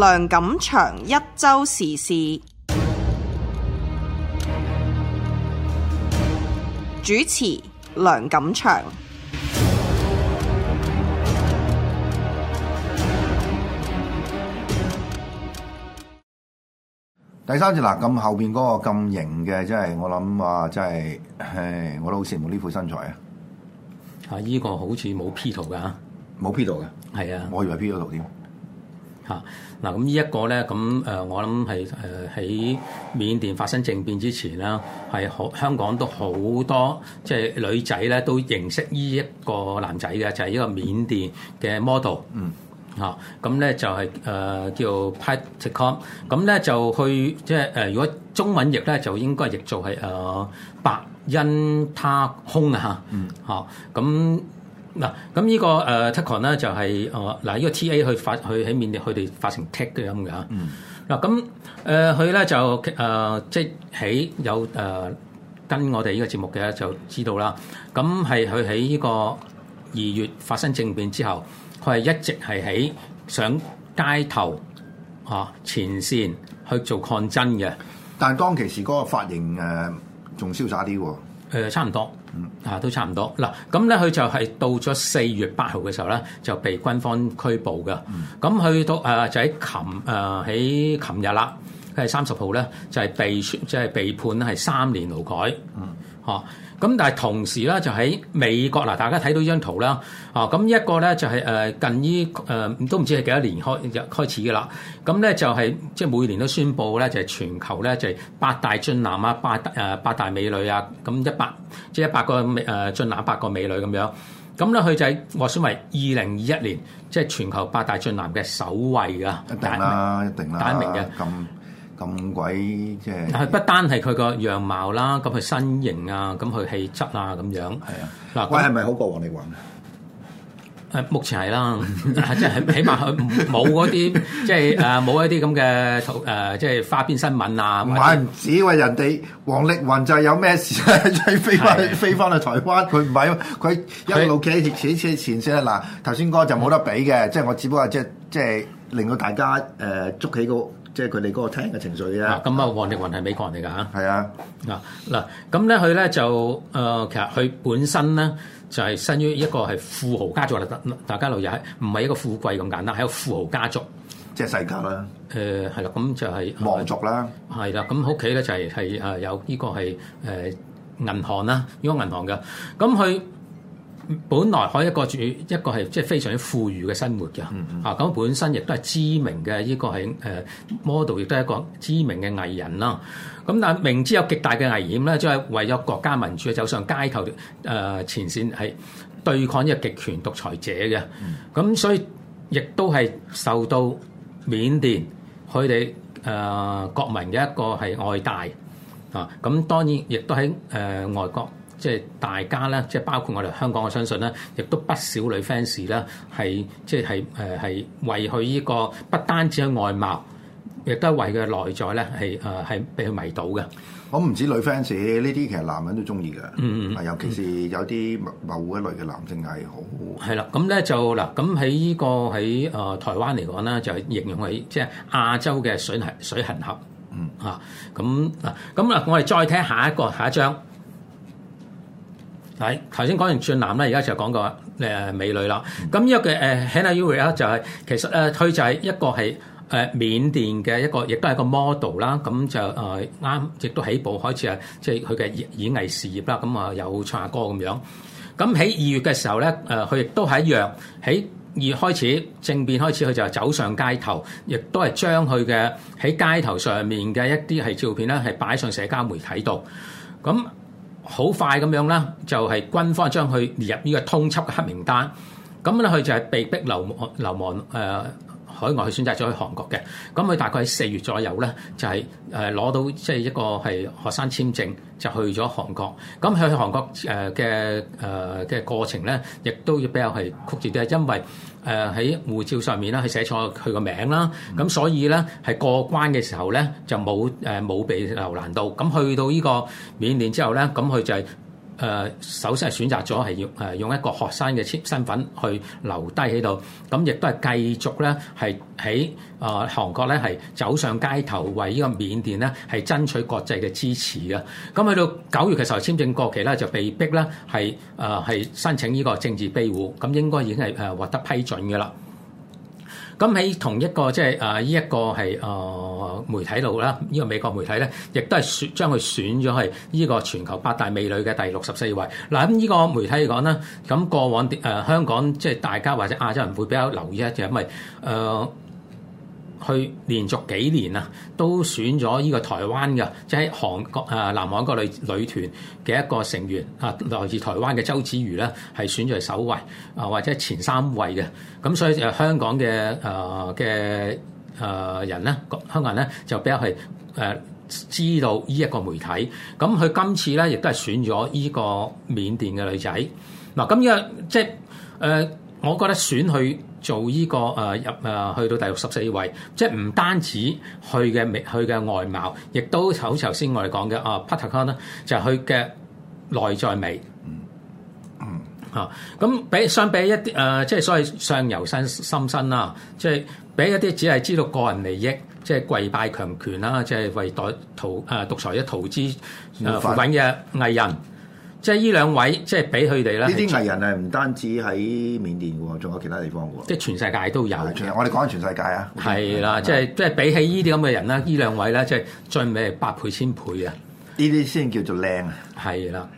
梁錦祥一周時事主持梁錦祥，第三節。嗱，咁後邊嗰個咁型嘅，即係我諗話，即係，唉，我都好羨慕呢副身材啊！這個、啊，依個好似冇 P 圖㗎，冇 P 圖㗎，係啊，我以為 P 咗圖添。啊嗱，咁呢一個咧，咁、呃、誒，我諗係誒喺緬甸發生政變之前啦，係好香港都好多即係女仔咧都認識呢一個男仔嘅，就係、是、呢個緬甸嘅 model、嗯啊。嗯。嚇、就是，咁咧就係誒叫做 Paticom 咁咧就去即係誒，如、呃、果中文譯咧，就應該譯做係誒白因他空啊嚇、嗯啊。嗯。嚇、嗯，咁、嗯。嗯。嗱，咁呢個誒 t e o n 咧就係、是、哦，嗱、這、呢個 TA 去發去喺面佢哋發成 tech 嘅咁嘅嚇。嗱咁誒佢咧就誒、呃、即喺有誒、呃、跟我哋呢個節目嘅就知道啦。咁係佢喺呢個二月發生政變之後，佢係一直係喺上街頭嚇前線去做抗爭嘅。但係當其時嗰個髮型誒仲瀟灑啲喎、呃。差唔多。嗯，啊，都差唔多嗱，咁咧佢就係到咗四月八號嘅時候咧，就被軍方拘捕嘅。咁去到誒就喺琴誒喺琴日啦，佢係三十號咧就係、係、被即係、就係、被判係三年勞改。嗯。哦，咁但係同時咧，就喺美國嗱，大家睇到呢張圖啦。哦，咁一個咧就係誒近於誒都唔知係幾多年開開始嘅啦。咁咧就係即係每年都宣布咧，就係全球咧就係八大俊男啊，八誒八大美女啊，咁一百即係、就是、一百個美誒俊男，百個美女咁樣。咁咧佢就係獲選為二零二一年即係、就是、全球八大俊男嘅首位啊！一定啦，明一定啦嚇。咁明。咁鬼即係，不單係佢個樣貌啦，咁佢身形啊，咁佢氣質啊，咁樣係啊。嗱，佢係咪好過王力宏咧？誒，目前係啦，即係起碼佢冇嗰啲即係誒冇一啲咁嘅誒即係花邊新聞啊！唔係唔止喎，人哋王力宏就係有咩事飛翻飛翻去台灣，佢唔係喎，佢一路企喺前前線啊嗱，頭先哥就冇得比嘅，即係我只不過即即係令到大家誒捉起個。即係佢哋嗰個聽嘅情緒啊！咁啊，王力宏係美國人嚟㗎嚇。係啊，嗱嗱咁咧，佢咧就誒、呃，其實佢本身咧就係、是、身於一個係富豪家族嚟得，大家留意係唔係一個富貴咁簡單，係一個富豪家族，即係世家啦。誒係啦，咁就係、是、望族啦。係啦，咁屋企咧就係係誒有呢個係誒銀行啦，呢個銀行嘅咁佢。本來可以一個住一個係即係非常之富裕嘅生活㗎，嗯、啊咁本身亦都係知名嘅呢個係誒 model，亦都係一個知名嘅藝人啦。咁、啊、但係明知有極大嘅危險咧，就係、是、為咗國家民主走上街頭誒、呃、前線，係對抗呢個極權獨裁者嘅。咁、嗯啊、所以亦都係受到緬甸佢哋誒國民嘅一個係愛戴啊。咁、啊、當然亦都喺誒、呃、外國。即係大家咧，即係包括我哋香港，我相信咧，亦都不少女 fans 咧，係即係誒係為佢呢個不單止係外貌，亦都為佢內在咧係誒係畀佢迷倒嘅。我唔止女 fans，呢啲其實男人都中意嘅。嗯嗯，尤其是有啲某一類嘅男性藝好，係啦，咁咧就嗱，咁喺呢個喺誒台灣嚟講咧，就係形容喺即係亞洲嘅水，水行水行俠。嗯啊，咁啊，咁嗱，我哋再睇下一個下一張。嗱，頭先講完俊男啦，而家就講個誒美女啦。咁呢、嗯 ah 就是、一個誒 Hannah Yoo 咧，就係其實誒佢就係一個係誒緬甸嘅一個，亦都係個 model 啦。咁就誒啱，亦都起步開始啊，即係佢嘅演藝事業啦。咁啊，有唱歌咁樣。咁喺二月嘅時候咧，誒佢亦都一樣喺二月開始正面開始，佢就走上街頭，亦都係將佢嘅喺街頭上面嘅一啲係照片咧，係擺上社交媒體度。咁好快咁樣啦，就係軍方將佢列入呢個通緝嘅黑名單，咁咧佢就係被逼流流亡誒海外佢選擇咗去韓國嘅，咁佢大概喺四月左右咧，就係誒攞到即係一個係學生簽證，就去咗韓國。咁去韓國誒嘅誒嘅過程咧，亦都要比較係曲折啲，因為誒喺護照上面啦，佢寫錯佢個名啦，咁所以咧係過關嘅時候咧，就冇誒冇被留難到。咁去到呢個緬甸之後咧，咁佢就係。誒，首先係選擇咗係要誒用一個學生嘅身份去留低喺度，咁亦都係繼續咧係喺誒韓國咧係走上街頭為呢個緬甸咧係爭取國際嘅支持嘅。咁去到九月嘅時候，簽證過期咧就被逼咧係誒係申請呢個政治庇護，咁應該已經係誒獲得批准嘅啦。咁喺同一個即係啊呢一個係啊、呃、媒體度啦，呢、這個美國媒體咧，亦都係選將佢選咗係呢個全球八大美女嘅第六十四位。嗱咁呢個媒體嚟講咧，咁過往誒、呃、香港即係大家或者亞洲人會比較留意一樣，因為誒。呃去連續幾年啊，都選咗呢個台灣嘅，即係韓國啊、南韓嗰個女女團嘅一個成員啊，來自台灣嘅周子瑜咧，係選咗首位啊，或者前三位嘅。咁所以誒，香港嘅誒嘅誒人咧，香港人咧就比較係誒、呃、知道呢一個媒體。咁佢今次咧，亦都係選咗呢個緬甸嘅女仔。嗱，咁依個即係誒、呃，我覺得選佢。做呢、這個誒入誒去到第六十四位，即係唔單止佢嘅美，佢嘅外貌，亦都好似頭先我哋講嘅啊，Patagon 咧就係佢嘅內在美。嗯嗯嚇，咁、啊、比相比一啲誒、啊，即係所謂上游新深新啦，即係比一啲只係知道個人利益，即係跪拜強權啦，即係為代圖誒獨裁者投資誒揾嘅藝人。嗯即係呢兩位，即係俾佢哋啦。呢啲藝人係，唔單止喺緬甸喎，仲有其他地方喎。即係全世界都有。我哋講緊全世界啊。係啦，即係即係比起呢啲咁嘅人啦，呢兩位咧，即係最美係百倍千倍啊！呢啲先叫做靚啊。係啦。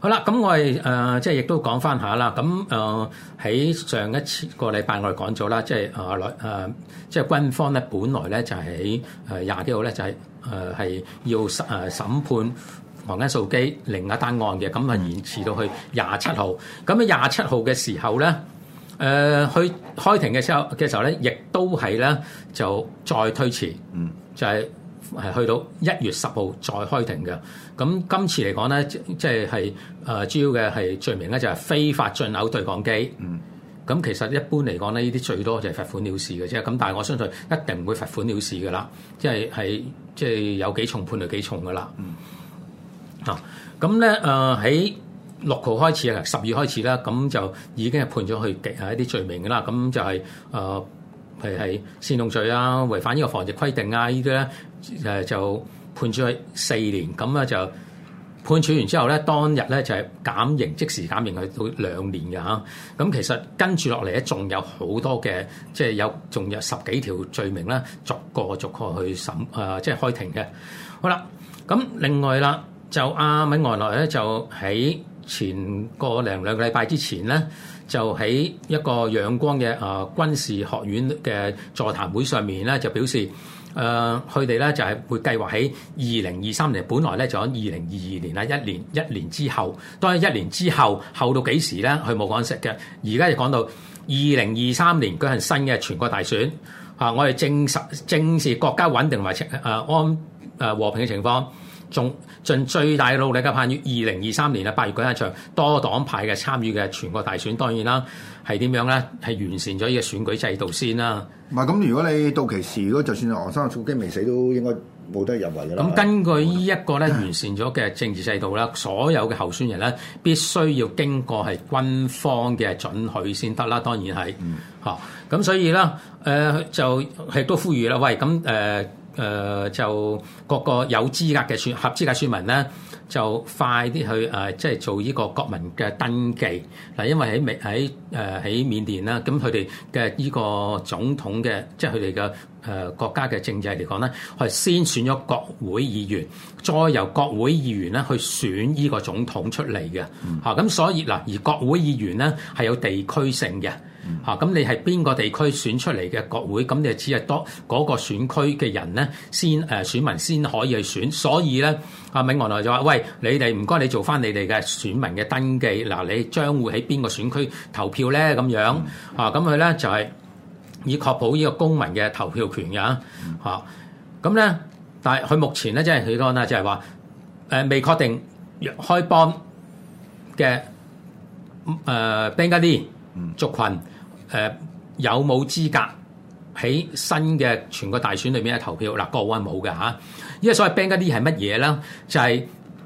好啦，咁我哋，誒、呃，即係亦都講翻下啦。咁、呃、誒，喺上一次個禮拜我哋講咗啦，即係啊來誒，即係軍方咧，本來咧就喺廿幾號咧就係誒係要審誒審判。房聽數機另一單案嘅咁啊，延遲、嗯、到去廿七號。咁喺廿七號嘅時候咧，誒、呃、去開庭嘅時候嘅時候咧，亦都係咧就再推遲，嗯、就係係去到一月十號再開庭嘅。咁今次嚟講咧，即係係誒主要嘅係罪名咧就係非法進口對講機。咁、嗯、其實一般嚟講咧，呢啲最多就係罰款了事嘅啫。咁但係我相信一定唔會罰款了事噶啦，即係係即係有幾重判就幾重噶啦。嗯咁咧，誒喺六號開始啊，十二月開始啦，咁就已經係判咗佢極下一啲罪名噶啦。咁就係誒，譬如係煽動罪啊，違反呢個防疫規定啊，呢啲咧誒就判咗佢四年。咁啊就判處完之後咧，當日咧就係減刑，即時減刑佢到兩年嘅嚇。咁其實跟住落嚟咧，仲有好多嘅，即係有仲有十幾條罪名啦，逐個逐個去審誒，即係開庭嘅。好啦，咁另外啦。就阿敏外來咧，就喺前個零兩個禮拜之前咧，就喺一個仰光嘅、啊、呃、軍事學院嘅座談會上面咧，就表示誒佢哋咧就係、是、會計劃喺二零二三年，本來咧就喺二零二二年啦，一年一年之後，當然一年之後後到幾時咧，佢冇講識嘅。而家就講到二零二三年嗰陣新嘅全國大選啊、呃，我哋證實證實國家穩定埋情安誒和平嘅情況。盡盡最大嘅努力，嘅盼於二零二三年嘅八月嗰一場多黨派嘅參與嘅全國大選，當然啦，係點樣咧？係完善咗呢個選舉制度先啦。唔係咁，如果你到期時，如果就算黃生草基未死，都應該冇得入圍㗎啦。咁根據呢一個咧完善咗嘅政治制度啦，所有嘅候選人咧必須要經過係軍方嘅准許先得啦。當然係嚇，咁、嗯哦、所以咧，誒、呃、就係都呼籲啦，喂，咁誒。呃誒、呃、就各個有資格嘅選合資格選民咧，就快啲去誒、呃，即係做呢個國民嘅登記。嗱，因為喺、呃、緬喺誒喺緬甸啦，咁佢哋嘅呢個總統嘅，即係佢哋嘅誒國家嘅政制嚟講咧，係先選咗國會議員，再由國會議員咧去選呢個總統出嚟嘅。嚇、嗯，咁、啊、所以嗱，而國會議員咧係有地區性嘅。嚇，咁你係邊個地區選出嚟嘅國會，咁你只係多嗰個選區嘅人咧，先誒選民先可以去選，所以咧敏昂萊就話：喂，你哋唔該，你做翻你哋嘅選民嘅登記，嗱你將會喺邊個選區投票咧咁樣啊？咁佢咧就係以確保呢個公民嘅投票權㗎嚇。咁咧，但係佢目前咧即係佢講啦，就係話誒未確定若開邦嘅誒邊家啲族群誒、呃、有冇資格喺新嘅全國大選裏面去投票？嗱、呃，個案冇嘅㗎。因為所謂 Bengali 係乜嘢咧？就係、是、誒、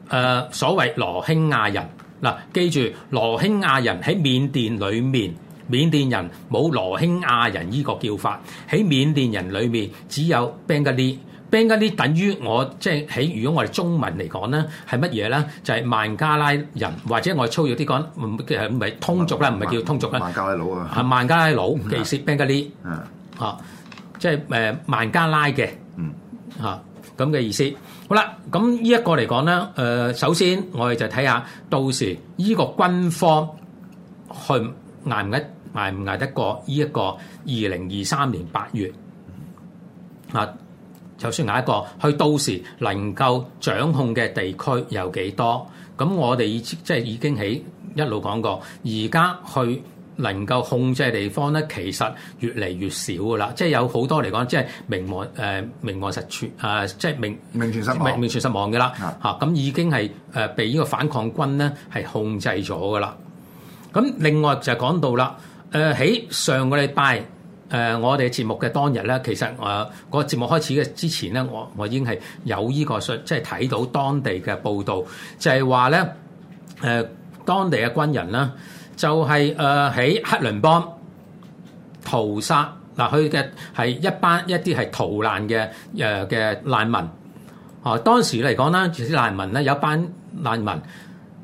呃、所謂羅興亞人。嗱、呃，記住羅興亞人喺緬甸裏面，緬甸人冇羅興亞人依個叫法。喺緬甸人裏面只有 Bengali。Bangali 等於我即係喺如果我哋中文嚟講咧係乜嘢咧？就係、是、孟加拉人或者我哋粗略啲講，唔係通俗啦，唔係叫通俗啦。孟加拉佬、嗯、啊。係孟加拉佬嘅意思，Bangali 啊，即係誒孟加拉嘅啊咁嘅意思。好啦，咁呢一個嚟講咧，誒、呃、首先我哋就睇下到時呢個軍方去捱唔捱捱唔捱得過呢一個二零二三年八月啊。就算揦一個，去到時能夠掌控嘅地區有幾多？咁我哋即係已經喺一路講過，而家去能夠控制嘅地方咧，其實越嚟越少噶啦。即係有好多嚟講，即係名亡誒名、呃、亡實存啊、呃！即係名名存實亡嘅啦嚇。咁已經係誒被呢個反抗軍咧係控制咗噶啦。咁另外就係講到啦，誒、呃、喺上個禮拜。誒、呃，我哋節目嘅當日咧，其實誒，嗰個節目開始嘅之前咧，我我已經係有呢、這個即係睇到當地嘅報導，就係話咧，誒、呃，當地嘅軍人啦，就係誒喺克倫邦屠殺嗱，佢嘅係一班一啲係逃難嘅誒嘅難民，哦、呃，當時嚟講咧，住啲難民咧，有一班難民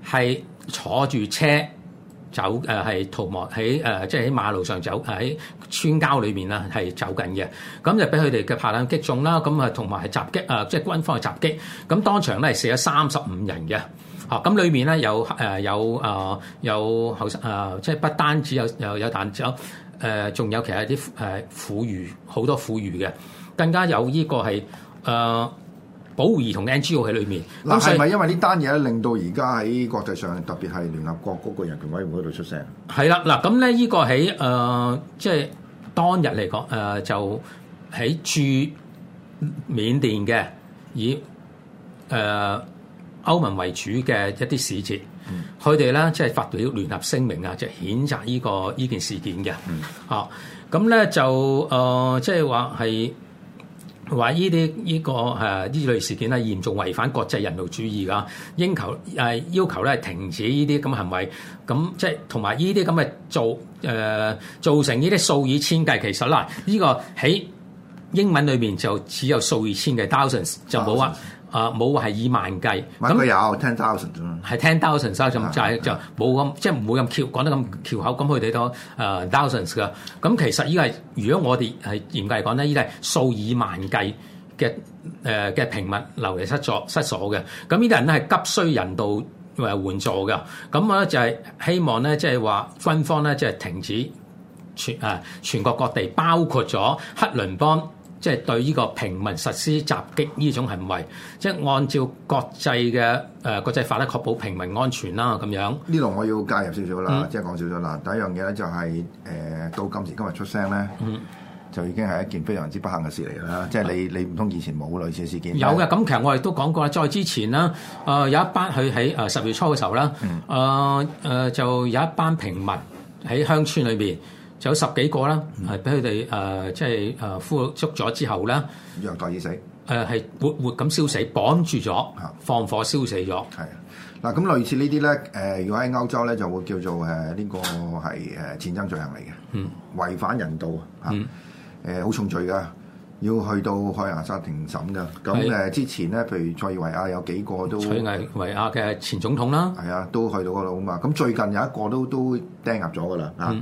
係坐住車。走誒係逃亡喺誒，即係喺馬路上走喺村郊裏面啊，係走緊嘅，咁就俾佢哋嘅炮彈擊中啦。咁啊，同埋係襲擊啊，即係軍方嘅襲擊。咁當場咧係死咗三十五人嘅。嚇，咁裏面咧有誒有啊有後生啊，即係不單止有又有彈手誒，仲有，有，有其他啲誒婦孺好多婦孺嘅，更加有呢個係誒。呃保護兒童嘅 NGO 喺裏面，嗱係咪因為呢單嘢令到而家喺國際上特別係聯合國嗰個人權委員會度出聲？係啦，嗱咁咧呢個喺誒即係當日嚟講誒、呃、就喺駐緬甸嘅以誒、呃、歐盟為主嘅一啲使節，佢哋咧即係發表聯合聲明啊，就係、譴責呢、呢個呢件、這個、事件嘅，啊咁咧就誒即係話係。呃就是話呢啲呢個誒呢類事件咧，嚴重違反國際人道主義噶，應求誒要求咧停止呢啲咁嘅行為，咁即係同埋呢啲咁嘅造誒造成呢啲數以千計，其實啦呢個喺。英文裏面就只有數以千嘅 thousands，就冇話啊冇話係以萬計。萬個、啊、是有，聽 thousands 係聽 thousands，thousands 就就冇咁即係唔會咁翹講得咁翹口。咁佢哋都啊 thousands 噶，咁、嗯、其實呢個係如果我哋係嚴格嚟講咧，呢啲係數以萬計嘅誒嘅平民流離失所失所嘅。咁呢啲人咧係急需人道誒援助嘅。咁我咧就係、是、希望咧即係話軍方咧即係停止全啊全國各地包括咗克倫邦。即係對呢個平民實施襲擊呢種行為，即係按照國際嘅誒、呃、國際法咧，確保平民安全啦咁樣。呢度我要介入少、嗯、少啦，即係講少少啦，第一樣嘢咧就係、是、誒、呃、到今時今日出聲咧，嗯、就已經係一件非常之不幸嘅事嚟啦。即係你是你唔通以前冇類似事件？有嘅的，咁是其實我哋都講過啦，再之前啦，誒、呃、有一班佢喺誒十月初嘅時候啦，誒誒就有一班平民喺鄉村裏邊。就有十幾個啦，係俾佢哋誒，即係誒俘捉咗之後咧，虐待而死。誒係活活咁燒死，綁住咗，放火燒死咗。係嗱，咁類似呢啲咧，誒如果喺歐洲咧，就會叫做誒呢個係誒戰爭罪行嚟嘅，違反人道啊，誒好的的重罪噶，要去到海牙沙庭審噶。咁誒之前咧，譬如塞爾維亞有幾個都，塞爾維亞嘅前總統啦，係啊，都去到嗰度啊嘛。咁最近有一個都都釘入咗噶啦啊。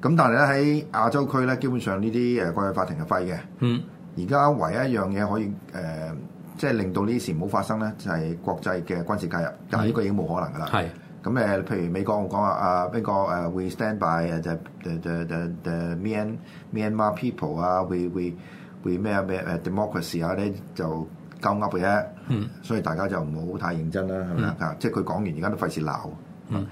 咁但係咧喺亞洲區咧，基本上呢啲誒國際法庭係廢嘅。嗯。而家唯一一樣嘢可以誒，即、呃、係、就是、令到呢事唔好發生咧，就係、是、國際嘅軍事介入。但係呢個已經冇可能㗎啦。係是。咁誒、嗯，譬如美國，我講話啊邊個誒，we stand by the the the the the Myanmar people 啊，會會會咩啊咩誒 democracy 啊、uh, 咧，就鳩噏嘅啫。所以大家就唔好太認真啦，係咪啊？嗯、即係佢講完而家都費事鬧。嗯。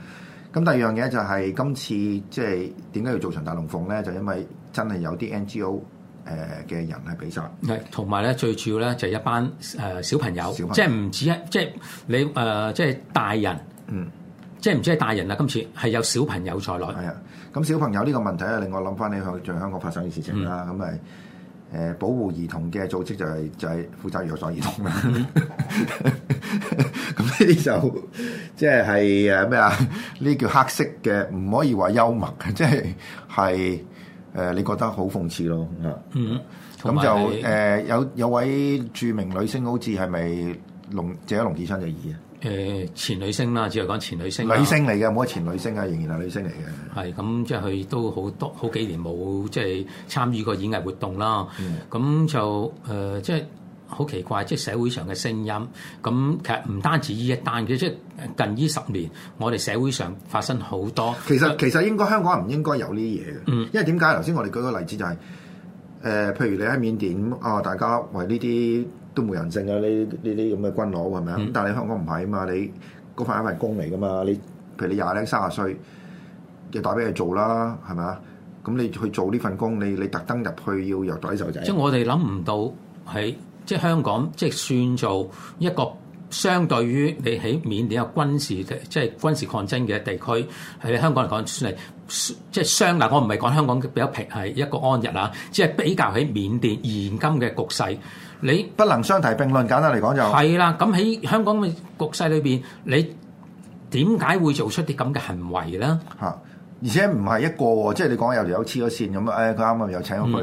咁第二樣嘢就係今次即係點解要做場大龍鳳咧？就因為真係有啲 NGO 誒、呃、嘅人係俾殺，係同埋咧最主要咧就係一班誒、呃、小朋友，即係唔止一即係你誒、呃、即係大人，嗯，即係唔止係大人啊！今次係有小朋友在內，係啊、嗯，咁小朋友呢個問題啊令我諗翻起喺在香港發生嘅事情啦，咁咪、嗯。誒保護兒童嘅組織就係就係負責虐待兒童啦， 咁呢啲就即係誒咩啊？呢啲叫黑色嘅，唔可以話幽默嘅，即係係誒你覺得好諷刺咯。嗯，咁就誒有、呃、有，有位著名女星，好似係咪龍？即係龍子昌嘅兒啊？誒前女星啦，只係講前女星。女星嚟嘅，唔好話前女星啊，仍然係女星嚟嘅。係咁，即係佢都好多好幾年冇即係參與過演藝活動啦。咁、嗯、就誒、呃，即係好奇怪，即係社會上嘅聲音。咁其實唔單止呢一單嘅，即係近呢十年，我哋社會上發生好多。其實、呃、其實應該香港唔應該有呢啲嘢嘅。嗯。因為點解頭先我哋舉個例子就係、是、誒、呃，譬如你喺緬甸啊，大家為呢啲。都冇人性啊！呢你啲咁嘅軍佬係咪啊？嗯、但係香港唔係啊嘛，你嗰份係一份工嚟噶嘛。你譬如你廿零三十歲，又打俾佢做啦，係咪啊？咁你去做呢份工，你你特登入去要虐待啲手仔。即係我哋諗唔到喺即係香港，即係算做一個相對於你喺緬甸嘅軍事即係軍事抗爭嘅地區，喺香港嚟講算係即係雙大。我唔係講香港比較平係一個安逸啦，即係比較喺緬甸現今嘅局勢。你不能相提並論，簡單嚟講就係、是、啦。咁喺香港嘅局勢裏邊，你點解會做出啲咁嘅行為咧？嚇！而且唔係一個喎，即係你講有條友黐咗線咁啊！誒、哎，佢啱啱又請咗佢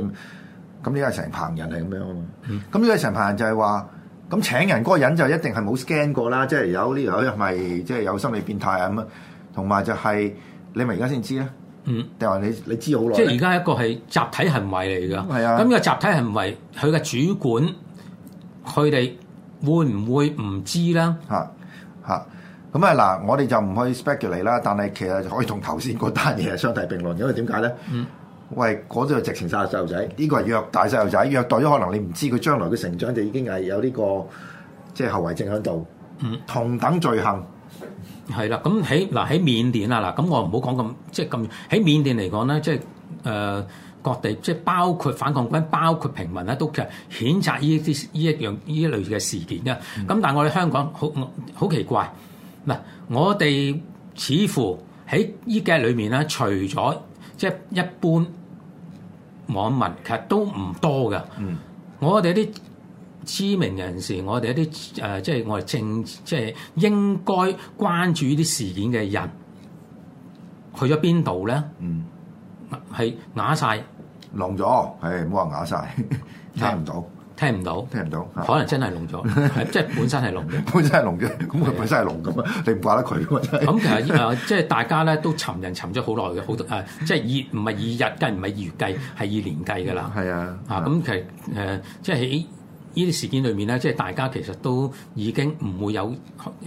咁，呢個係成棚人係咁樣啊嘛。咁呢個成棚人就係話，咁請人嗰個人就一定係冇 scan 過啦。即、就、係、是、有呢條友係咪即係有心理變態啊？咁啊、就是，同埋就係你咪而家先知咧。嗯，定話你你知好耐？即係而家一個係集體行為嚟㗎。係啊，咁個集體行為，佢嘅主管，佢哋會唔會唔知咧？嚇嚇，咁啊嗱，我哋就唔去 speculate 啦。但係其實可以同頭先嗰單嘢相提並論，因為點解咧？嗯，喂，嗰度直情晒，細路仔，呢個虐待細路仔，虐待咗可能你唔知佢將來嘅成長就已經係有呢個即係後遺症喺度。嗯，同等罪行。嗯嗯係啦，咁喺嗱喺緬甸啊嗱，咁我唔好講咁即係咁喺緬甸嚟講咧，即係誒各地即係、就是、包括反抗軍、包括平民咧，都其實譴責呢啲依一樣呢一,一類嘅事件嘅。咁、嗯、但係我哋香港好好奇怪嗱，我哋似乎喺依嘅裏面咧，除咗即係一般網民，其實都唔多㗎。嗯、我哋啲知名人士，我哋一啲誒，即係我哋正，即係應該關注呢啲事件嘅人，去咗邊度咧？嗯，係啞晒，聾咗，係唔好話啞晒，聽唔到，聽唔到，聽唔到，可能真係聾咗，即係本身係聾嘅，本身係聾嘅，咁佢本身係聾噶嘛，你唔怪得佢。咁其實誒，即係大家咧都尋人尋咗好耐嘅，好誒，即係以唔係以日計，唔係以月計，係以年計噶啦。係啊，啊咁其實誒，即係喺。呢啲事件裏面咧，即係大家其實都已經唔會有誒、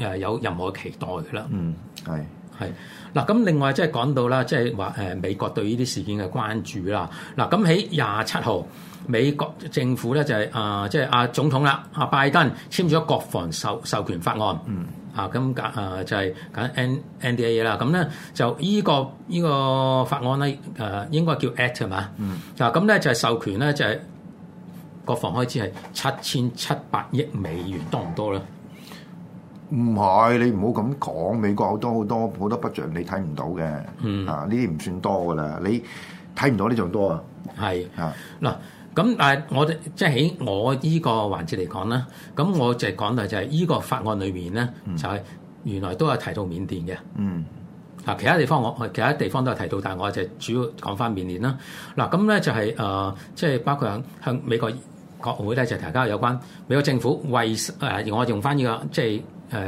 呃、有任何期待噶啦。嗯，係係。嗱咁另外即係講到啦，即係話誒美國對呢啲事件嘅關注啦。嗱咁喺廿七號，美國政府咧就係、是、啊，即係阿總統啦，阿拜登簽咗國防授授權法案。嗯。啊咁解誒就係、是、解 NDAA 嘅嘢啦。咁咧就依、這個依、這個法案咧誒、呃、應該叫 Act 係嘛？嗯。嗱咁咧就係、就是、授權咧就係、是。國防開支係七千七百億美元，多唔多咧？唔係，你唔好咁講，美國好多好多好多筆帳你睇唔到嘅。嗯，啊，呢啲唔算多噶啦，你睇唔到呢仲多啊。係是啊，嗱，咁但係我即係喺我依個環節嚟講啦。咁我就係講到就係依個法案裏面咧，嗯、就係原來都係提到緬甸嘅。嗯，嗱，其他地方我其他地方都係提到，但係我就主要講翻緬甸啦。嗱、就是，咁咧就係誒，即係包括向美國國會咧就提、是、交有關美國政府為誒、呃，我用翻呢、這個即係誒、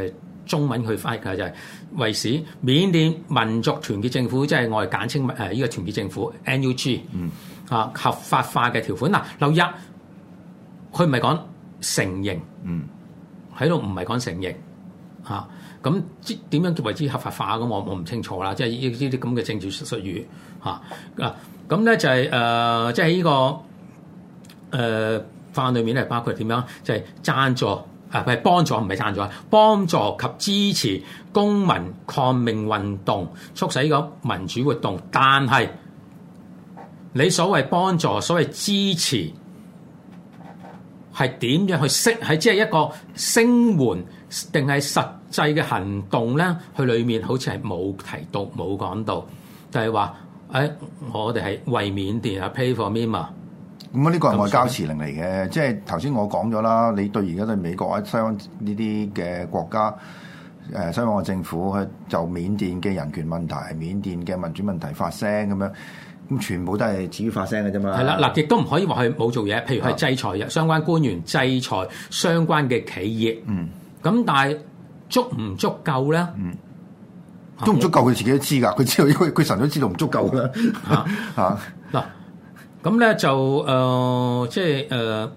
呃、中文去翻嘅，就是，就係為使緬甸民族團結政府，即、就、係、是、我哋簡稱誒呢、呃這個團結政府 NUG，嗯啊合法化嘅條款嗱，留意，佢唔係講承認，嗯喺度唔係講承認嚇，咁點樣叫為之合法化咁？我我唔清楚啦，即係呢啲咁嘅政治術語嚇嗱。咁、啊、咧就係、是、誒、呃就是這個呃呃，即係呢、這個誒。呃呃範裡面咧包括點樣？就係贊助啊，唔係幫助，唔係贊助，幫助及支持公民抗命運動，促使呢個民主活動。但係你所謂幫助、所謂支持，係點樣去釋？係即係一個聲援，定係實際嘅行動咧？佢裡面好似係冇提到、冇講到，就係話：誒，我哋係為緬甸啊，pay for Myanmar 咁啊！呢個係外交辭令嚟嘅，即係頭先我講咗啦。你對而家對美國啊、西方呢啲嘅國家、誒西方嘅政府去就緬甸嘅人權問題、緬甸嘅民主問題發聲咁樣，咁全部都係止於發聲嘅啫嘛。係啦，嗱，亦都唔可以話佢冇做嘢。譬如係制裁相關官員、啊、制裁相關嘅企業。嗯。咁但係足唔足夠咧？嗯。足唔足夠？佢自己都知㗎。佢知道，佢佢神都知道唔足夠啦。嚇、啊！嗱、啊。咁咧就誒，即係誒，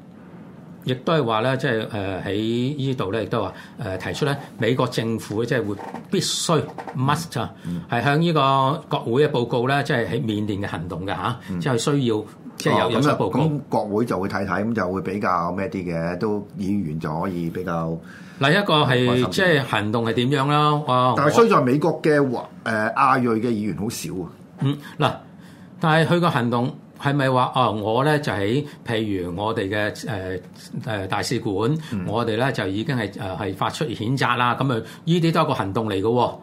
亦都係話咧，即係誒喺呢度咧，亦都話誒提出咧，美國政府即係會必須 must 啊，係向呢個國會嘅報告咧，即係喺緬甸嘅行動嘅嚇，即係需要即係有有啲報告。咁國會就會睇睇，咁就會比較咩啲嘅，都議員就可以比較。另一個係即係行動係點樣啦？哦，但係雖在美國嘅華誒亞裔嘅議員好少啊。嗯，嗱，但係佢個行動。係咪話啊？我咧就喺譬如我哋嘅誒誒大使館，嗯、我哋咧就已經係誒係發出譴責啦。咁啊，呢啲都係一個行動嚟嘅喎。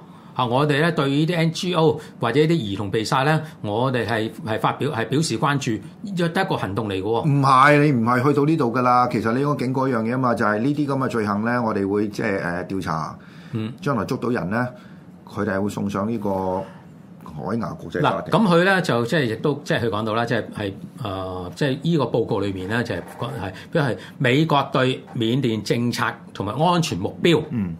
我哋咧對於啲 NGO 或者啲兒童被殺咧，我哋係係發表係表示關注，亦都係一個行動嚟嘅喎。唔係，你唔係去到呢度㗎啦。其實你應該警告一樣嘢啊嘛，就係呢啲咁嘅罪行咧，我哋會即係誒調查，將來捉到人咧，佢哋係會送上呢、呢個。海牙國際嗱，咁佢咧就即係亦都即係佢講到啦，即係係誒，即係呢個報告裏面咧就係、是、係，因為美國對緬甸政策同埋安全目標，嗯，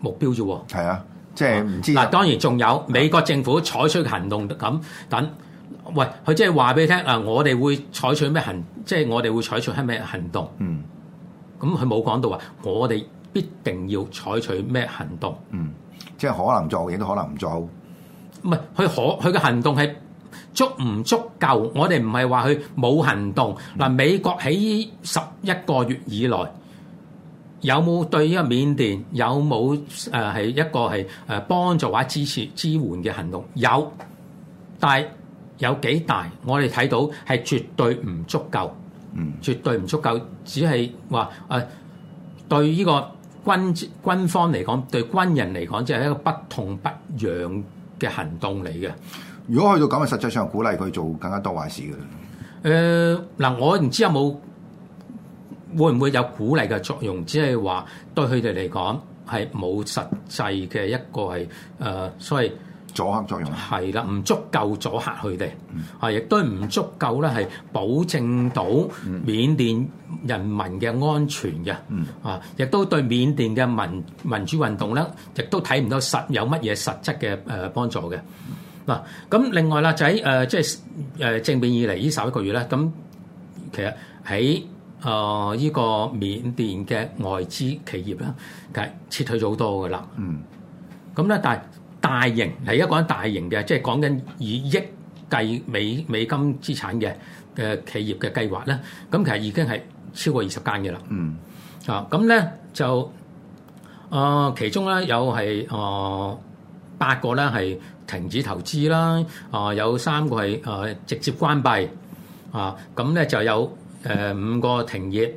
目標啫喎，係啊，即係唔知。嗱，當然仲有美國政府採取行動咁等。喂，佢即係話俾你聽啊，我哋會採取咩行？即、就、係、是、我哋會採取咩行動？嗯，咁佢冇講到話，我哋必定要採取咩行動？嗯，即係可能做亦都可能唔做。唔係佢可佢嘅行動係足唔足夠？我哋唔係話佢冇行動嗱。美國喺十一個月以來有冇對呢個緬甸有冇誒係一個係誒幫助或者支持支援嘅行動？有，但係有幾大？我哋睇到係絕對唔足夠，嗯，絕對唔足夠，只係話誒對呢個軍軍方嚟講，對軍人嚟講，即係一個不痛不癢。嘅行動嚟嘅，如果去到咁啊，實際上鼓勵佢做更加多壞事嘅。誒嗱、呃，我唔知有冇會唔會有鼓勵嘅作用，只係話對佢哋嚟講係冇實際嘅一個係誒、呃，所以。阻嚇作用係啦，唔足夠阻嚇佢哋，係亦都唔足夠咧，係保證到緬甸人民嘅安全嘅，啊，亦都對緬甸嘅民民主運動咧，亦都睇唔到實有乜嘢實質嘅誒幫助嘅。嗱，咁另外啦，就喺誒即係誒政變以嚟依十一個月咧，咁其實喺誒依個緬甸嘅外資企業咧，係撤退咗好多㗎啦。嗯，咁咧但係。大型係一個大型嘅，即係講緊以億計美美金資產嘅嘅、呃、企業嘅計劃咧。咁其實已經係超過二十間嘅啦。嗯啊，咁咧就誒、呃，其中咧有係誒、呃、八個咧係停止投資啦。啊、呃，有三個係誒、呃、直接關閉啊。咁咧就有誒、呃、五個停業。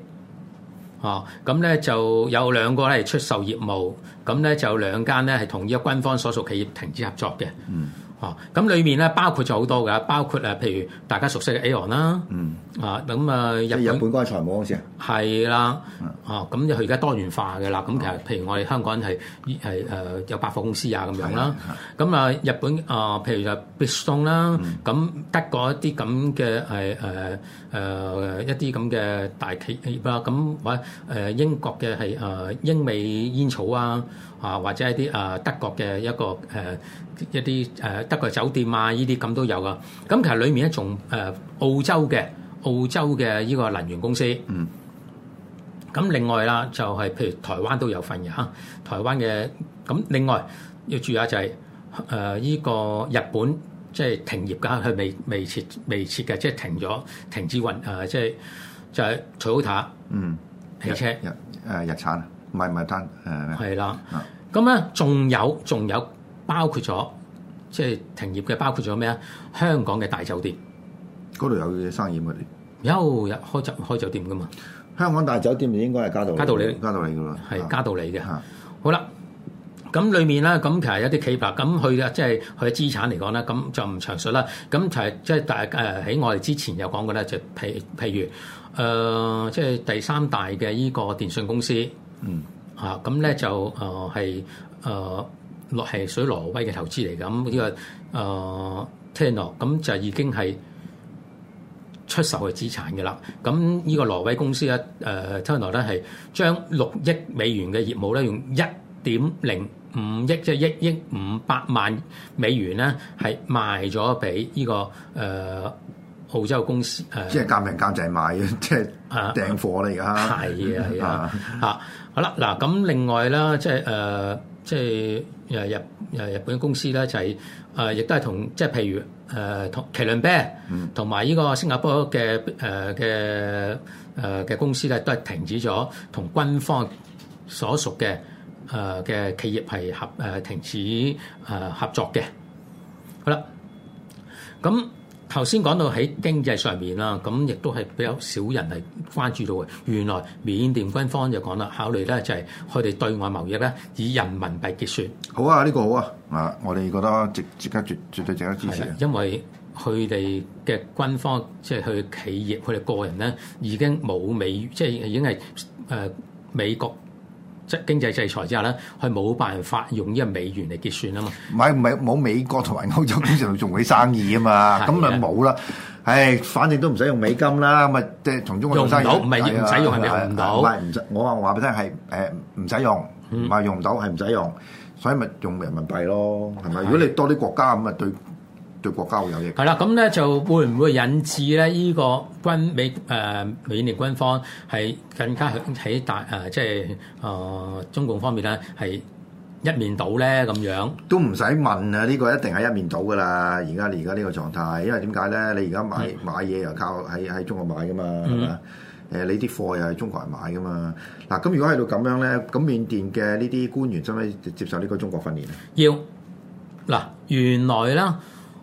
哦，咁咧就有兩個係出售業務，咁咧就兩間咧係同呢個軍方所屬企業停止合作嘅。嗯。哦，咁裏面咧包括咗好多㗎，包括誒，譬如大家熟悉嘅 Aon 啦，嗯，啊，咁啊，日日本嗰個財務公司，係啦的，哦、嗯，咁佢而家多元化嘅啦，咁、嗯、其實譬如我哋香港人係係有百貨公司啊咁、嗯、樣啦，咁啊的、嗯、日本啊，譬如就 Bridgestone 啦，咁德國一啲咁嘅係誒誒一啲咁嘅大企業啦，咁或者誒英國嘅係誒英美煙草啊。啊，或者一啲誒、呃、德國嘅一個誒、呃、一啲誒、呃、德國酒店啊，呢啲咁都有噶。咁其實裏面一種誒澳洲嘅澳洲嘅呢個能源公司。嗯。咁另外啦、就是，就係譬如台灣都有份嘅嚇，台灣嘅。咁另外要注意下就係誒呢個日本即係、就是、停業噶，佢未未設未設嘅，即、就、係、是、停咗停止運誒，即、呃、係就係 Toyota 嗯汽車日誒日，日，日產。埋埋單誒，係啦。咁咧仲有仲有，有，包括咗即係停業嘅，包括咗咩啊？香港嘅大酒店，嗰度有嘢生意咪？有有開酒開酒店嘅嘛？香港大酒店應該係加道加道加道理嘅喎，係加道理嘅。好啦，咁裡面咧，咁其實有啲企業咁佢嘅即係佢嘅資產嚟講咧，咁就唔詳述啦。咁就係即係大誒喺我哋之前有講過咧，就是、譬譬如誒、呃，即係第三大嘅依個電信公司。嗯嚇，咁咧就誒係誒羅係屬於挪威嘅投資嚟㗎。咁、這、呢個誒、呃、Tenor 咁就已經係出售嘅資產㗎啦。咁呢個挪威公司咧誒 Tenor 咧係將六億美元嘅業務咧，用一點零五億即係一億五百萬美元咧，係賣咗俾呢個誒。呃澳洲公司誒，即係夾平夾剩賣嘅，即係訂貨啦而家。係啊係啊嚇，好啦嗱咁，另外啦，即係誒即係誒日誒日本公司咧就係誒亦都係同即係譬如誒、呃、同麒麟啤，同埋呢個新加坡嘅誒嘅誒嘅公司咧都係停止咗同軍方所屬嘅誒嘅企業係合誒、呃、停止誒合作嘅。好啦，咁。頭先講到喺經濟上面啦，咁亦都係比較少人係關注到嘅。原來緬甸軍方就講啦，考慮咧就係佢哋對外貿易咧以人民幣結算。好啊，呢、這個好啊！啊，我哋覺得值即刻絕絕對值得支持。因為佢哋嘅軍方即係佢企業，佢哋個人咧已經冇美，即係已經係誒、呃、美國。即經濟制裁之下咧，係冇辦法用呢個美元嚟結算啊嘛，嘛。唔係唔係冇美國同埋歐洲經常做啲生意啊嘛，咁咪冇啦。誒，反正都唔使用，用美金啦，咁啊即係從中國做生意。用到唔係唔使用係咪唔到？唔係唔使，我話話俾你聽係誒唔使用，唔係、嗯、用唔到係唔使用，所以咪用人民幣咯，係咪？是啊、如果你多啲國家咁咪對，對國家好有益。係啦，咁咧就會唔會引致咧？呢個軍美誒，緬、呃、甸軍方係更加喺大誒，即係誒中共方面咧係一面倒咧咁樣都。都唔使問啊！呢個一定係一面倒噶啦！而家你而家呢個狀態，因為點解咧？你而家買、嗯、買嘢又靠喺喺中國買噶嘛？係、嗯、嘛？誒、啊，你啲貨又係中國人買噶嘛？嗱，咁如果喺度咁樣咧，咁緬甸嘅呢啲官員，使唔使接受呢個中國訓練咧？要嗱，原來啦。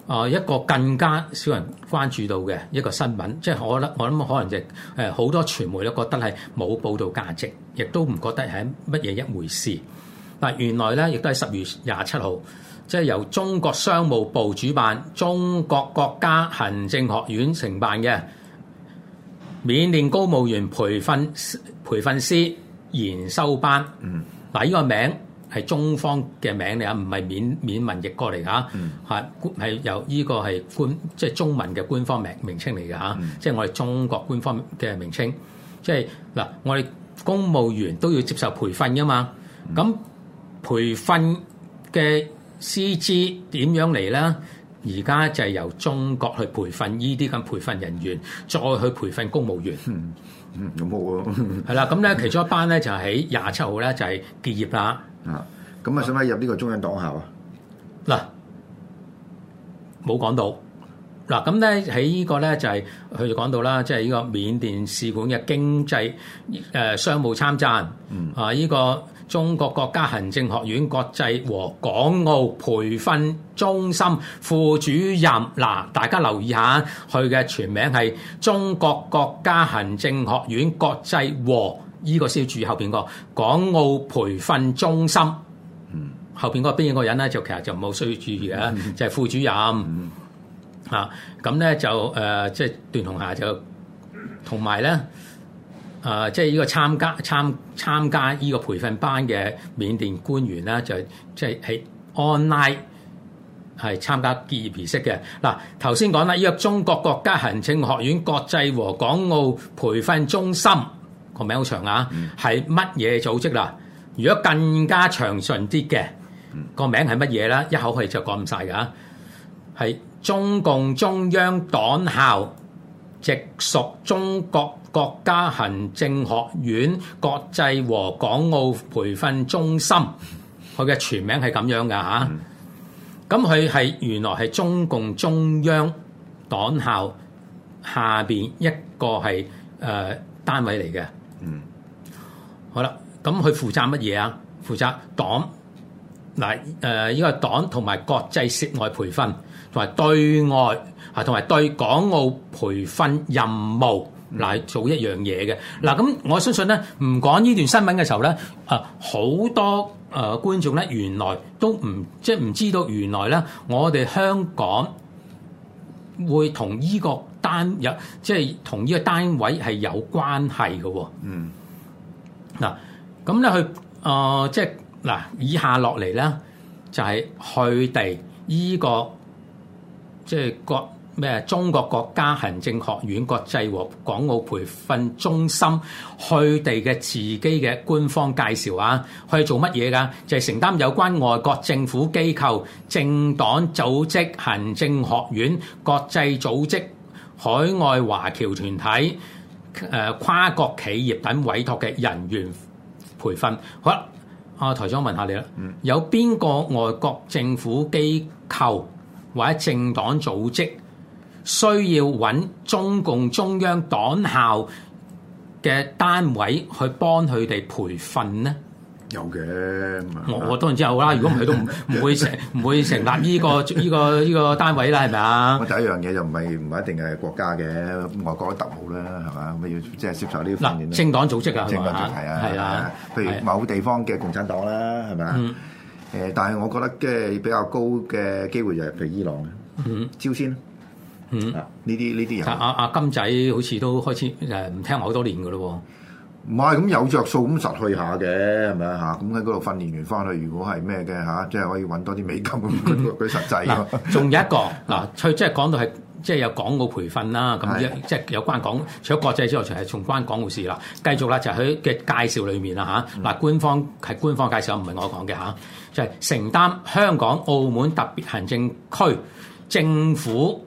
啊，一個更加少人關注到嘅一個新聞，即係我覺得我諗可能就誒好多傳媒都覺得係冇報導價值，亦都唔覺得係乜嘢一回事。嗱，原來咧亦都係十月廿七號，即係由中國商務部主辦、中國國家行政學院承辦嘅緬甸公務員培訓培訓師研修班。嗯，嗱，呢個名。係中方嘅名嚟啊，唔係緬緬民譯過嚟嚇，係、嗯、由呢個係官，即係中文嘅官方名名稱嚟㗎嚇，嗯、即係我哋中國官方嘅名稱。即係嗱，我哋公務員都要接受培訓㗎嘛，咁、嗯、培訓嘅師資點樣嚟咧？而家就係由中國去培訓呢啲咁培訓人員，再去培訓公務員。咁好啊，係、嗯、啦，咁、嗯、咧、嗯、 其中一班咧就喺廿七號咧就係、是、結業啦。啊！咁啊，想唔想入呢個中央黨校啊？嗱，冇講到。嗱，咁咧喺呢個咧就係佢就講到啦，即係呢個緬甸使館嘅經濟誒、呃、商務參贊。啊，呢、呢個中國國家行政學院國際和港澳培訓中心副主任。嗱、啊，大家留意下佢嘅全名係中國國家行政學院國際和。依個先要注意後邊個港澳培訓中心，嗯，後邊嗰邊嗰個人咧就其實就冇需要注意嘅。嗯、就係副主任、嗯、啊，咁咧就誒，即、呃、係、就是、段紅霞就同埋咧，啊，即係呢個參加參參加依個培訓班嘅緬甸官員咧，就即、是、係喺 online 係參加結業儀式嘅。嗱、啊，頭先講啦，約、呢個、中國國家行政學院國際和港澳培訓中心。個名好長啊，係乜嘢組織啦？如果更加詳盡啲嘅，個名係乜嘢咧？一口氣就講唔晒㗎，係中共中央黨校直屬中國國家行政學院國際和港澳培訓中心。佢嘅全名係咁樣㗎嚇。咁佢係原來係中共中央黨校下邊一個係誒單位嚟嘅。嗯，好啦，咁佢負責乜嘢啊？負責黨嗱誒，呢個係黨同埋國際涉外培訓，同埋對外吓，同埋對港澳培訓任務嚟做一樣嘢嘅。嗱，咁我相信咧，唔講呢段新聞嘅時候咧，啊，好多誒觀眾咧，原來都唔即係唔知道，原來咧，我哋香港。會同依個單入，即係同依個單位係有關係嘅喎。嗯，嗱，咁咧佢，誒，即係嗱，以下落嚟咧，就係佢哋依個，即係個。咩？中國國家行政學院國際和港澳培訓中心，佢哋嘅自己嘅官方介紹啊，去做乜嘢㗎？就係、是、承擔有關外國政府機構、政黨組織、行政學院、國際組織、海外華僑團體、誒、呃、跨國企業等委託嘅人員培訓。好啦，阿、啊、台長問下你啦，有邊個外國政府機構或者政黨組織？需要揾中共中央黨校嘅單位去幫佢哋培訓咧？有嘅。我當然知道啦，如果唔係都唔會成唔會成立呢個依個依個單位啦，係咪啊？第一樣嘢就唔係唔一定係國家嘅，外國嘅特務啦，係嘛？咁咪要即係接受呢啲訓練。政黨組織啊，政黨組織係啊，譬如某地方嘅共產黨啦，係咪啊？誒，但係我覺得即係比較高嘅機會就係譬如伊朗、朝鮮。嗯，呢啲呢啲人，阿阿、嗯啊、金仔好似都開始誒唔、啊、聽我好多年嘅咯喎，唔係咁有着數咁實去下嘅，係咪啊？咁喺嗰度訓練完翻去，如果係咩嘅嚇，即係可以揾多啲美金咁舉舉實際咯。仲有一個嗱，佢即係講到係即係有港澳培訓啦，咁即係有關港除咗國際之外，仲係仲關港澳事啦。繼續啦，就佢、是、嘅介紹裏面啦嚇，嗱、啊啊、官方係官方介紹，唔係我講嘅嚇，就係、是、承擔香港澳門特別行政區政府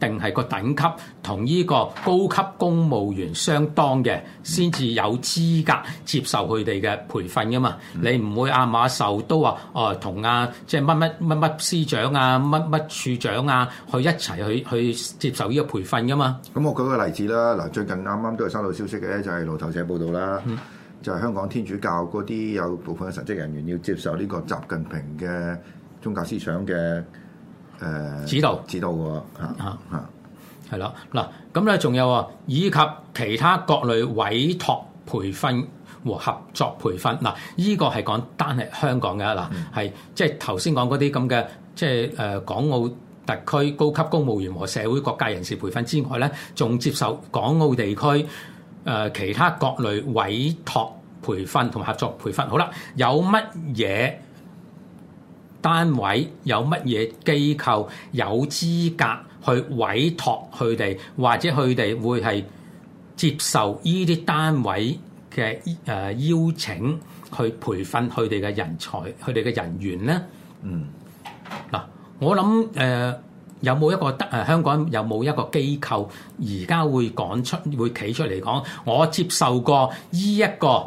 定係個等級同呢個高級公務員相當嘅，先至有資格接受佢哋嘅培訓噶嘛？嗯、你唔會阿、啊、馬秀都話哦，同阿即係乜乜乜乜司長啊，乜乜處長啊，去一齊去去接受呢個培訓噶嘛？咁我舉個例子啦，嗱，最近啱啱都係收到消息嘅咧，就係、是、路透社報道啦，嗯、就係香港天主教嗰啲有部分嘅神職人員要接受呢個習近平嘅宗教思想嘅。誒、呃、指導，指導喎嚇嚇嚇，係啦嗱，咁咧仲有啊，以及其他各類委託培訓和合作培訓嗱，呢個係講單係香港嘅嗱，係即係頭先講嗰啲咁嘅，即係誒、呃、港澳特區高級公務員和社會各界人士培訓之外咧，仲接受港澳地區誒、呃、其他各類委託培訓同合作培訓，好啦，有乜嘢？單位有乜嘢機構有資格去委託佢哋，或者佢哋會係接受依啲單位嘅誒邀請去培訓佢哋嘅人才、佢哋嘅人員咧？嗯，嗱，我諗誒，有冇一個得誒香港有冇一個機構而家會講出會企出嚟講，我接受過依一個。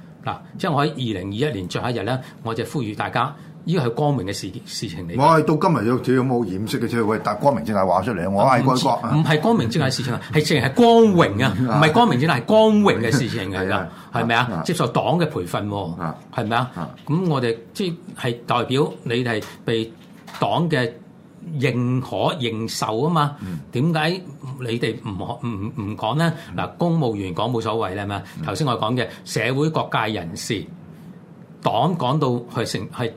嗱，即係我喺二零二一年最後一日咧，我就呼籲大家，呢個係光明嘅事事情嚟。我係、 哦、到今日有有冇掩飾嘅啫？喂，打光明正大話出嚟，我係愛國。唔係光明正大事情啊，係淨係光榮啊，唔係光明正大，係光榮嘅事情嚟噶，係咪啊？接受黨嘅培訓喎，係咪啊？咁我哋即係代表你哋，被黨嘅。認可認受啊嘛，點解你哋唔唔唔講咧？嗱，公務員講冇所謂啦，係咪啊？頭先我講嘅社會各界人士，黨講到係成係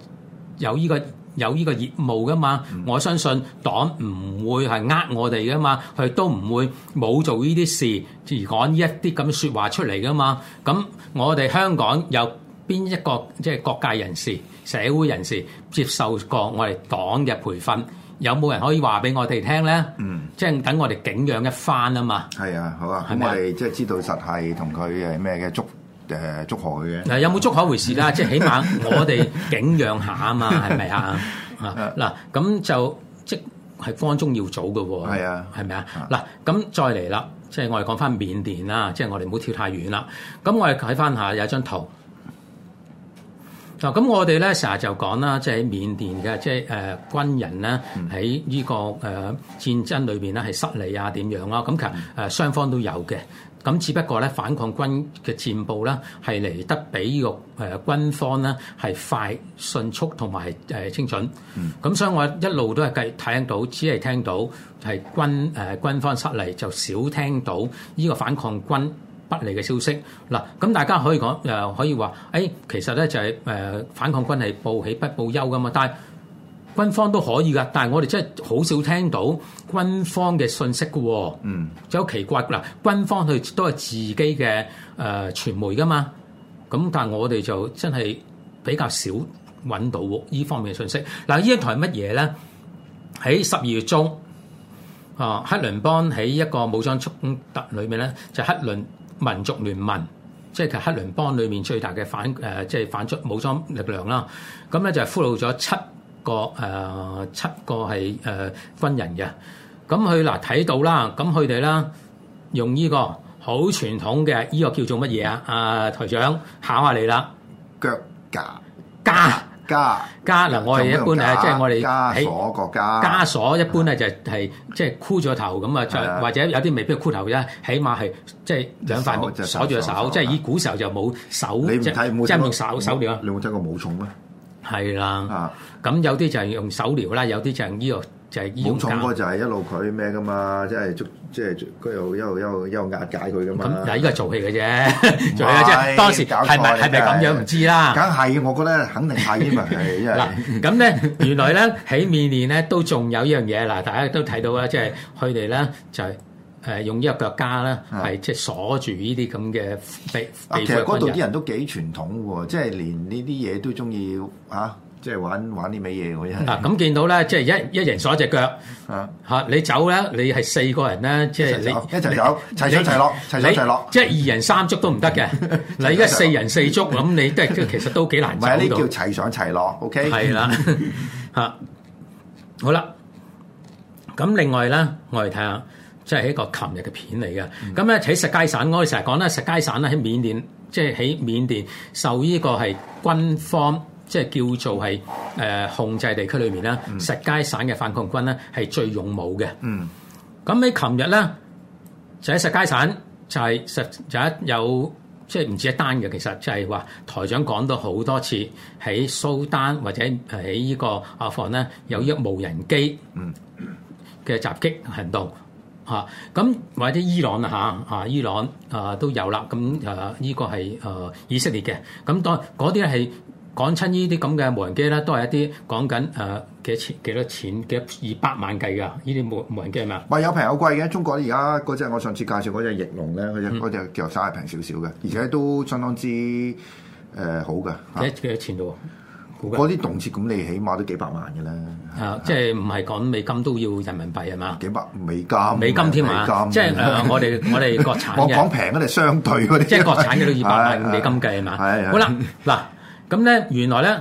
有呢個有呢個業務噶嘛。嗯、我相信黨唔會係呃我哋噶嘛，佢都唔會冇做呢啲事而講呢一啲咁嘅説話出嚟噶嘛。咁我哋香港有邊一個即係、就是、各界人士、社會人士接受過我哋黨嘅培訓？有冇人可以話俾我哋聽咧？嗯，即係等我哋景仰一番啊嘛。係啊，好啊，係咪即係知道實係同佢誒咩嘅祝誒祝賀佢嘅？嗱，呃、有冇祝賀一回事啦、嗯？即係起碼我哋景仰下啊嘛，係咪啊？嗱，咁就即係方中要早嘅喎。係啊，係咪啊？嗱、啊，咁、啊嗯、再嚟啦，即係我哋講翻緬甸啦，即係我哋唔好跳太遠啦。咁我哋睇翻下有一張圖。嗱，咁我哋咧成日就講啦，即係緬甸嘅，即係誒、呃、軍人咧喺呢個誒、呃、戰爭裏邊咧係失利啊點樣咯？咁其實誒雙方都有嘅，咁只不過咧反抗軍嘅戰報啦係嚟得比呢個誒軍方咧係快迅速同埋誒精準，咁、嗯、所以我一路都係計睇到，只係聽到係軍誒、呃、軍方失利，就少聽到呢個反抗軍。不利嘅消息嗱，咁大家可以講誒，可以話誒，其實咧就係、是、誒、呃、反抗軍係報喜不報憂噶嘛，但係軍方都可以噶，但係我哋真係好少聽到軍方嘅信息噶喎，嗯，就好奇怪嗱、呃，軍方佢都係自己嘅誒、呃、傳媒噶嘛，咁但係我哋就真係比較少揾到依方面嘅信息。嗱，呢一台乜嘢咧？喺十二月中啊，克、呃、倫邦喺一個武裝衝突裏面咧，就克、是、倫。民族聯盟，即係其實克倫邦裡面最大嘅反誒、呃，即係反出武裝力量啦。咁咧就係俘虜咗七個誒、呃，七個係誒、呃、軍人嘅。咁佢嗱睇到啦，咁佢哋啦用呢個好傳統嘅，依、呢個叫做乜嘢啊？啊台長考下你啦，腳架架，枷枷嗱，我哋一般咧，即係我哋喺枷鎖國家。枷鎖一般咧就係即係箍住個頭咁啊，吧或者有啲未必箍頭啫，起碼係即係兩塊木鎖住手。即係以古時候就冇手，即係即係用手有手鐐。有手你冇睇過武松咩？係啦吧。吧啊，咁有啲就用手鐐啦，有啲就用呢、這個。冇創歌就係一路佢咩噶嘛，即係捉即係佢又一路又又壓解佢噶嘛。咁嗱，呢個係做戲嘅啫，做戲啫。當時搞錯，係咪咁樣唔知啦。梗係，我覺得肯定係啲人係。嗱，咁咧原來咧，喺面面咧都仲有呢樣嘢。嗱，大家都睇到啦，即係佢哋咧就係誒用呢個腳架咧，係即鎖住呢啲咁嘅。其實嗰度啲人都幾傳統喎，即係連呢啲嘢都中意嚇。即係玩玩呢味嘢，我一嗱咁見到咧，即係一一人鎖隻腳，嚇、啊啊、你走咧，你係四個人咧，即係你一齊走，齊上齊落，齊上齊落，即係二人三足都唔得嘅。嗱，而家四人四足，咁 你都其實都幾難做到。唔係呢叫齊上齊落，OK？係、嗯、是啦，嚇好啦。咁、嗯、另外咧，我哋睇下，即係一個琴日嘅片嚟嘅。咁咧喺石階省，我哋成日講咧，石階省咧喺緬甸，即係喺緬甸受呢個係軍方。即係叫做係誒、呃、控制地區裏面啦，石階省嘅反抗軍咧係最勇武嘅。嗯，咁喺琴日咧就喺石階省就係、是、十有一有即係唔止一單嘅，其實就係話台長講到好多次喺蘇丹或者喺呢個阿富汗咧有一無人機嘅襲擊行動嚇，咁、啊、或者伊朗啊嚇伊朗啊都有啦，咁啊依、這個係啊以色列嘅，咁當嗰啲咧係。講親呢啲咁嘅無人機咧，都係一啲講緊誒幾多錢幾多錢嘅，以百萬計噶。呢啲無無人機係嘛？話有平有貴嘅。中國而家嗰隻我上次介紹嗰隻翼龍咧，嗰隻嗰隻就稍係平少少嘅，而且都相當之誒好嘅。幾多錢度啊？嗰啲動輒咁，你起碼都幾百萬嘅啦。啊，即係唔係講美金都要人民幣係嘛？幾百美金？美金添啊！即係我哋我哋國產我講平嗰啲係相對嗰啲，即係國產嘅都二百萬美金計係嘛？係好啦，嗱。咁咧，原來咧，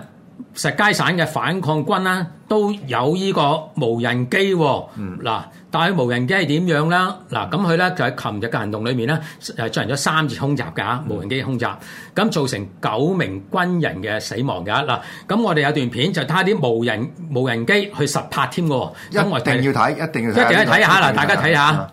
石階省嘅反抗軍啦，都有呢個無人機喎。嗱，但係無人機係點樣咧？嗱，咁佢咧就喺琴日嘅行動裏面咧，誒進行咗三次空襲㗎吓，無人機空襲，咁造成九名軍人嘅死亡㗎。嗱，咁我哋有段片就睇下啲無人無人機去實拍添㗎。一定要睇，一定要睇，一定要睇下啦，大家睇下。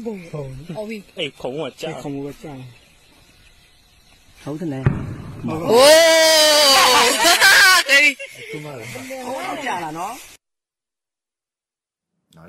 嗱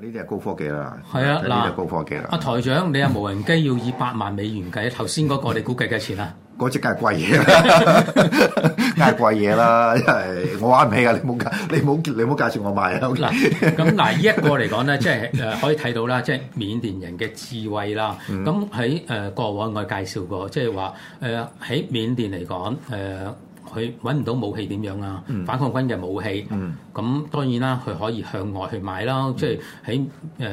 呢啲係高科技啦，係啊，嗱，高科技啦。阿、 啊、台長，你啊，無人機要以百萬美元計，頭先嗰個你估計幾錢啊？嗰隻梗係貴嘢，梗係貴嘢啦！一係我玩唔起啊，你唔好介，你唔好你唔好介紹我買啊！嗱、okay，咁嗱呢一個嚟講咧，即係誒可以睇到啦，即係緬甸人嘅智慧啦。咁喺誒過往我介紹過，即係話誒喺緬甸嚟講，誒佢揾唔到武器點樣啊？嗯、反抗軍嘅武器，咁、嗯、當然啦，佢可以向外去買啦。即係喺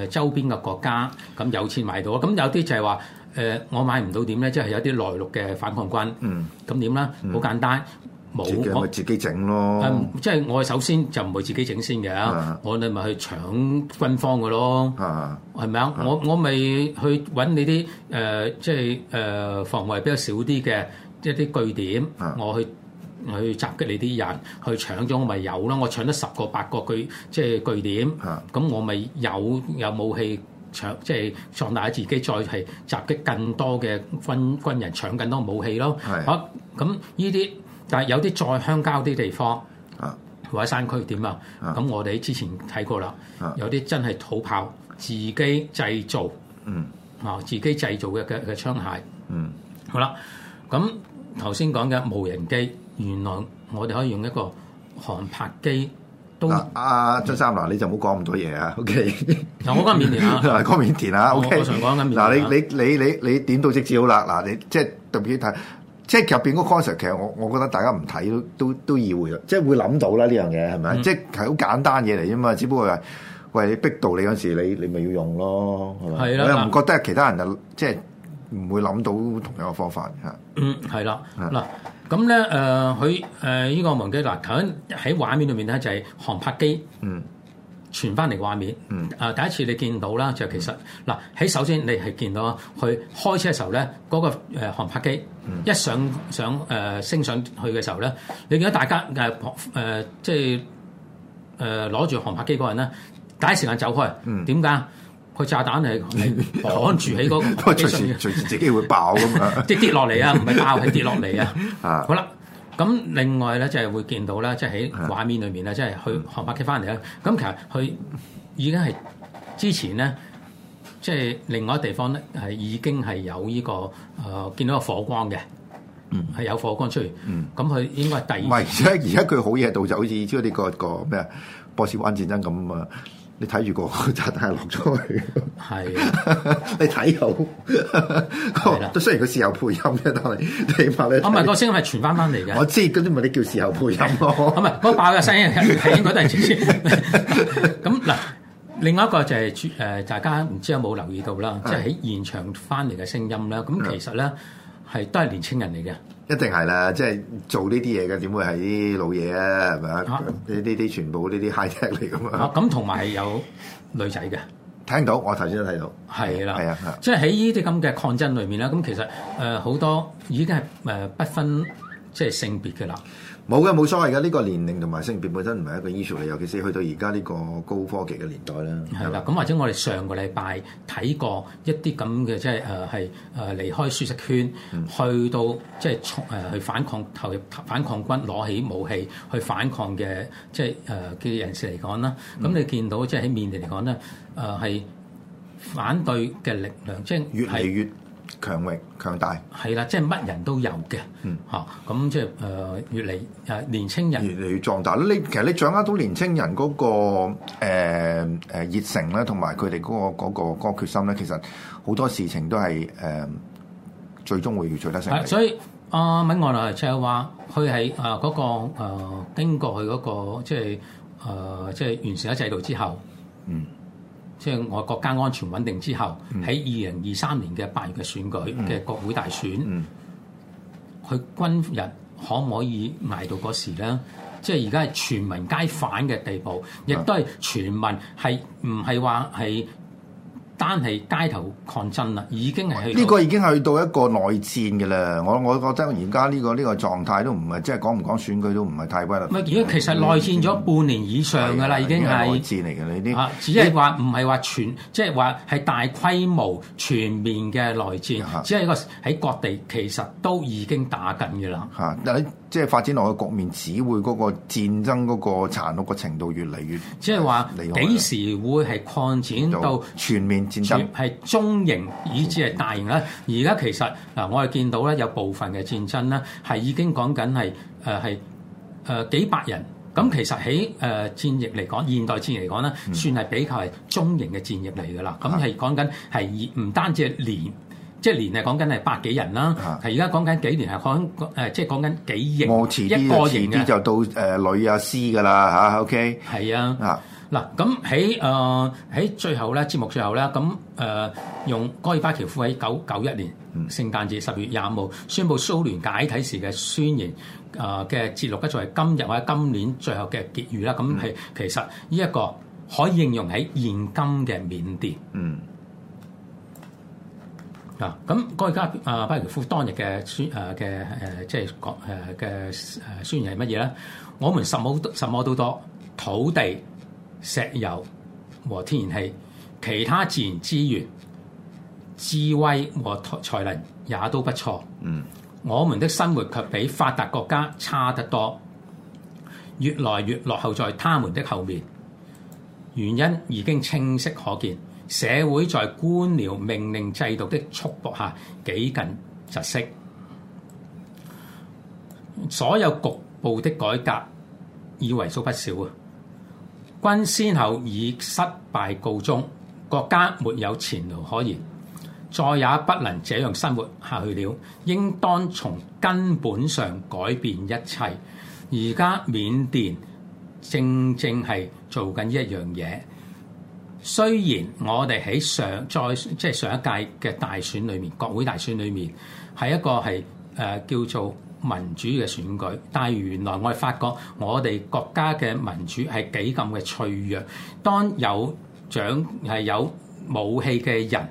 誒周邊嘅國家，咁有錢買到啊。咁有啲就係話。誒，我買唔到點咧？即係有啲內陸嘅反抗軍，咁點咧？好簡單，冇我咪自己整咯。即係我首先就唔會自己整先嘅，我哋咪去搶軍方嘅咯，係咪啊？我我咪去揾你啲誒，即係誒防衞比較少啲嘅一啲據點，我去去襲擊你啲人，去搶咗我咪有咯。我搶得十個八個據，即係據點，咁我咪有有武器。搶即係壯大自己，再係襲擊更多嘅軍軍人，搶更多武器咯。係是的。好，咁，呢啲但係有啲喺鄉郊啲地方，啊，是的 或者山區點啊？咁是的 我哋之前睇過啦，是的 有啲真係土炮，自己製造，嗯，啊，自己製造嘅嘅嘅槍械，的嗯，好，好啦。咁頭先講嘅無人機，原來我哋可以用一個航拍機。阿張都、啊、三嗱，你就唔好講咁多嘢啊，OK？嗱、 okay?，我講面田啦，講面田啦，OK？嗱，你你你你你點到即止好啦，嗱，你即係特別睇，即係入邊嗰 concept，其實我我覺得大家唔睇都都都意會啦，即係會諗到啦呢樣嘢係咪？嗯、即係好簡單嘢嚟啫嘛，只不過係喂你逼到你嗰時，你時你咪要用咯，係咪？係啦的。我又唔覺得其他人就即係唔會諗到同樣嘅方法嚇。嗯，係啦，嗱的。 咁咧，誒佢誒依個忘記啦。頭先喺、嗯、畫面裏面咧，就係航拍機嗯傳翻嚟嘅畫面嗯啊，第一次你見到啦，就其實嗱喺、嗯、首先你係見到佢開車嘅時候咧，嗰、那個航拍機一上上誒、呃、升上去嘅時候咧，你見到大家誒誒、呃、即係誒攞住航拍機嗰個人咧，第一時間走開，點解、嗯？佢炸彈係綁住喺嗰個，隨時隨時自己會爆咁啊！ 即跌落嚟啊，唔係爆，係跌落嚟啊好！好啦，咁另外咧，就係會見到啦，即係喺畫面裏面咧，即、就、係、是、去航拍機翻嚟咧。咁其實佢已經係之前咧，即、就、係、是、另外一地方咧，係已經係有呢、這個誒，見、呃、到個火光嘅，嗯，係有火光出現，咁佢、嗯、應該係第二。唔係而家，佢好嘢到就好似即係啲個、這個咩啊，波、那個、斯灣戰爭咁啊。你睇住個炸彈落咗去，係啊的！ 你睇好，係啦的、哦。雖然佢是時候配音嘅，但係起碼咧，我唔係個聲音係傳翻翻嚟嘅。我知嗰啲咪啲叫時候配音咯，唔係嗰把嘅聲音係應該係前咁嗱， 另外一個就係、是、誒，大家唔知有冇留意到啦，即係喺現場翻嚟嘅聲音啦。咁其實咧係都係年輕人嚟嘅。一定係啦，即係做呢啲嘢嘅，點會係啲老嘢啊？係咪啊？呢啲全部呢啲 high tech 嚟㗎嘛。咁同埋係有女仔嘅， 聽到我頭先都睇到。係啦的，係啊的，即係喺呢啲咁嘅抗爭裏面啦，咁其實誒好、呃、多已經係誒不分即係、就是、性別嘅啦。冇嘅冇所謂嘅，呢、這個年齡同埋性別本身唔係一個 issue 嚟，尤其是去到而家呢個高科技嘅年代啦。係啦的，咁吧或者我哋上個禮拜睇過一啲咁嘅，即係誒係誒離開舒適圈，嗯、去到即係從去反抗投入反抗軍攞起武器去反抗嘅，即係誒嘅人士嚟講啦。咁、嗯、你見到即係喺面嚟講咧，誒、呃、係反對嘅力量，即、就、係、是、越嚟越。強力強大係啦，即係乜人都有嘅，嚇咁、嗯啊、即係誒、呃、越嚟誒年青人越嚟越壯大，你其實你掌握到年青人嗰、那個誒誒、呃呃呃、熱誠咧，同埋佢哋嗰個嗰、那個那個那個決心咧，其實好多事情都係誒、呃、最終會要取得成。所以阿敏愛就係話，佢係誒嗰個誒經過佢嗰、那個即係誒、呃、即係完成咗制度之後，嗯。即係我國家安全穩定之後，喺二零二三年嘅八月嘅選舉嘅國會大選，佢軍人可唔可以捱到嗰時咧？即係而家係全民皆反嘅地步，亦都係全民係唔係話係。是單係街頭抗爭啦，已經係呢個已經去到一個內戰嘅啦。我我覺得而家呢個呢、呢個狀態都唔係即係講唔講選舉都唔係太關啦。唔係如果其實內戰咗半年以上嘅啦，嗯、已經係內戰嚟嘅呢啲。只係話唔係話全，你即係話係大規模全面嘅內戰，啊、只係一個喺各地其實都已經打緊嘅啦。嚇、啊！但係。即係發展落去局面，只會嗰個戰爭嗰個殘酷個程度越嚟越，即係話幾時會係擴展到全面戰爭？係中型以至係大型啦。而家其實嗱，我哋見到咧有部分嘅戰爭咧係已經講緊係誒係誒幾百人。咁其實喺誒、呃、戰役嚟講，現代戰役嚟講咧，算係比較係中型嘅戰役嚟噶啦。咁係講緊係唔單止係連。即係年係講緊係百幾人啦，係而家講緊幾年係講誒，即係講緊幾億一個億嘅就到誒女啊師嘅啦嚇，OK？係啊，嗱咁喺誒喺最後咧節目最後咧咁誒，用戈爾巴喬夫喺九九一年聖誕節十月廿五號宣布蘇聯解體時嘅宣言啊嘅節錄，作為今日或者今年最後嘅結語啦。咁係其實呢一個可以應用喺現今嘅緬甸，嗯。嗱，咁國家、呃、如啊，巴爾夫當日嘅宣誒嘅誒即係講誒嘅誒宣言係乜嘢咧？我們什麼什麼都多，土地、石油和天然氣，其他自然資源、智慧和才能也都不錯。嗯，我們的生活卻比發達國家差得多，越來越落後在他們的後面，原因已經清晰可見。社會在官僚命令制度的束縛下幾近窒息，所有局部的改革已為數不少啊，均先後以失敗告終。國家沒有前途可言，再也不能這樣生活下去了。應當從根本上改變一切。而家緬甸正正係做緊一樣嘢。雖然我哋喺上再即係上一屆嘅大選裏面，國會大選裏面係一個係誒、呃、叫做民主嘅選舉，但係原來我哋發覺我哋國家嘅民主係幾咁嘅脆弱。當有槍係有武器嘅人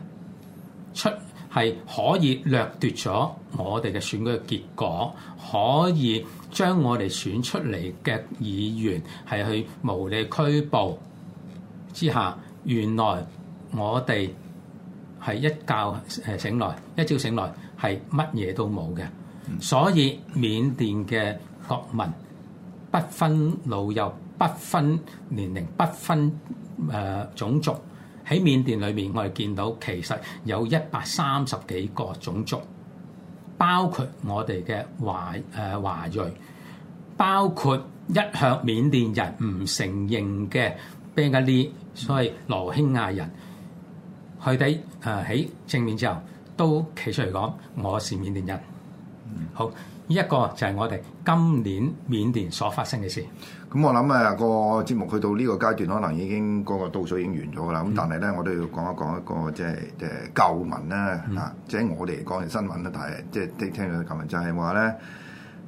出係可以掠奪咗我哋嘅選舉嘅結果，可以將我哋選出嚟嘅議員係去無理拘捕之下。原來我哋係一覺誒醒來，一朝醒來係乜嘢都冇嘅，所以緬甸嘅國民不分老幼、不分年齡、不分誒種族，喺緬甸裏面我哋見到其實有一百三十幾個種族，包括我哋嘅華誒華裔，包括一向緬甸人唔承認嘅。Ben 所以羅興亞人佢哋啊喺正面之後都企出嚟講我是緬甸人。嗯、好，呢一個就係我哋今年緬甸所發生嘅事。咁我諗啊個節目去到呢個階段，可能已經個倒數已經完咗啦。咁但係咧，我都要講一講一個即係即係舊聞啦嚇。即係我哋講完新聞啦，但係即係聽聽佢舊聞，就係話咧。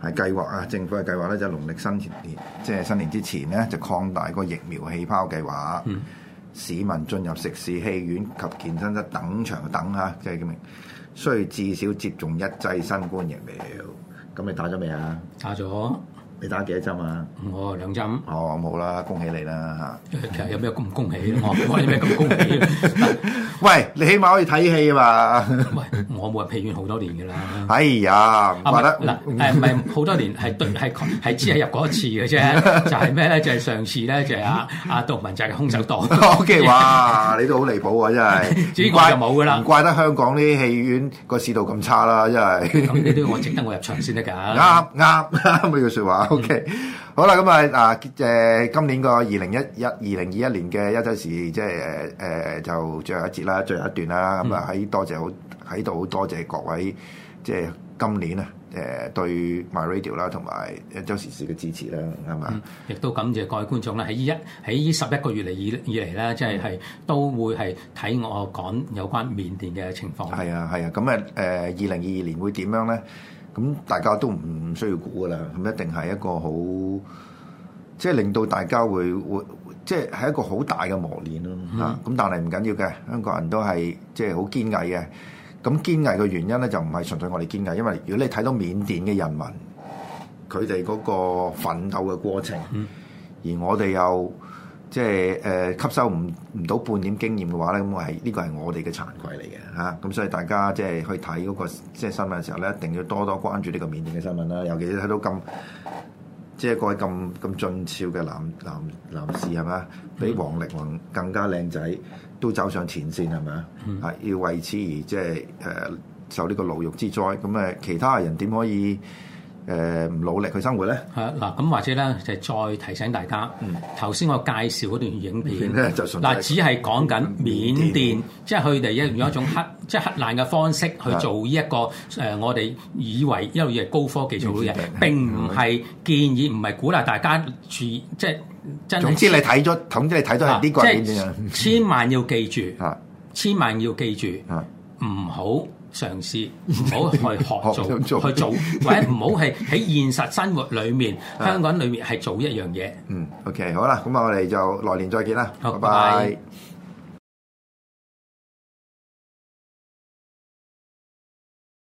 係計劃啊！政府嘅計劃咧就係農曆新前年即係，就係，新年之前咧就擴大個疫苗氣泡計劃。嗯、市民進入食肆、戲院及健身室等場等嚇，即係咁明，需要至少接種一劑新冠疫苗。咁你打咗未啊？打咗。你打幾多針啊？我兩針。哦，冇啦，恭喜你啦吓！其實有咩咁恭喜？我冇話有咩咁恭喜。喂，你起碼可以睇戲啊嘛？唔，我冇入戲院好多年噶啦。哎呀，唔怪得嗱，誒唔係好多年，係對係係只係入過一次嘅啫。就係咩咧？就係上次咧，就係阿阿杜汶澤嘅《空手道》。O K，哇！你都好離譜啊，真係。只怪就冇噶啦。唔怪得香港啲戲院個市道咁差啦，真係。咁你都要我值得我入場先得噶？啱啱呢句說話。OK，、嗯、好啦，咁啊，啊，誒，今年個二零一一二零二一年嘅一周時，即係誒誒，就最後一節啦，最後一段啦，咁啊、嗯，喺多謝好，喺度多謝各位，即係今年啊，誒、呃，對 My Radio 啦，同埋一周時事嘅支持啦，係嘛？亦、嗯、都感謝各位觀眾啦，喺依一喺依十一個月嚟以以嚟咧，即係係都會係睇我講有關緬甸嘅情況。係、嗯、啊，係啊，咁啊，誒、呃，二零二二年會點樣咧？咁大家都唔需要估㗎喇，咁一定係一個好，即係令到大家會會，即係係一個好大嘅磨練咯嚇。咁、嗯、但係唔緊要嘅，香港人都係即係好堅毅嘅。咁堅毅嘅原因咧，就唔係純粹我哋堅毅，因為如果你睇到緬甸嘅人民，佢哋嗰個奮鬥嘅過程，而我哋又，即係誒、呃、吸收唔唔到半點經驗嘅話咧，咁我係呢個係我哋嘅慚愧嚟嘅嚇。咁、啊、所以大家即係去睇嗰、那個即係新聞嘅時候咧，一定要多多關注呢個緬甸嘅新聞啦。尤其係睇到咁即係各位咁咁俊俏嘅男男男士係咪，比王力宏更加靚仔，都走上前線係咪？嗯、啊，要為此而即係誒、呃、受呢個牢獄之災。咁、嗯、誒，其他人點可以？誒唔努力去生活咧？係啊！嗱，咁或者咧就再提醒大家，頭先我介紹段影片咧，就嗱，只係講緊緬甸，即係佢哋一用一種黑，即係黑爛嘅方式去做呢一個誒，我哋以為一路以為高科技做嘅嘢，並唔係建議，唔係鼓勵大家注意，即係總之你睇咗，總之你睇咗有啲怪現象。千萬要記住，千萬要記住，唔好。嘗試唔好去學做， 去做，或者唔好係喺現實生活裏面， 香港裏面係做一樣嘢。嗯，OK，好啦，咁啊，我哋就來年再見啦，拜拜。Okay. Bye bye.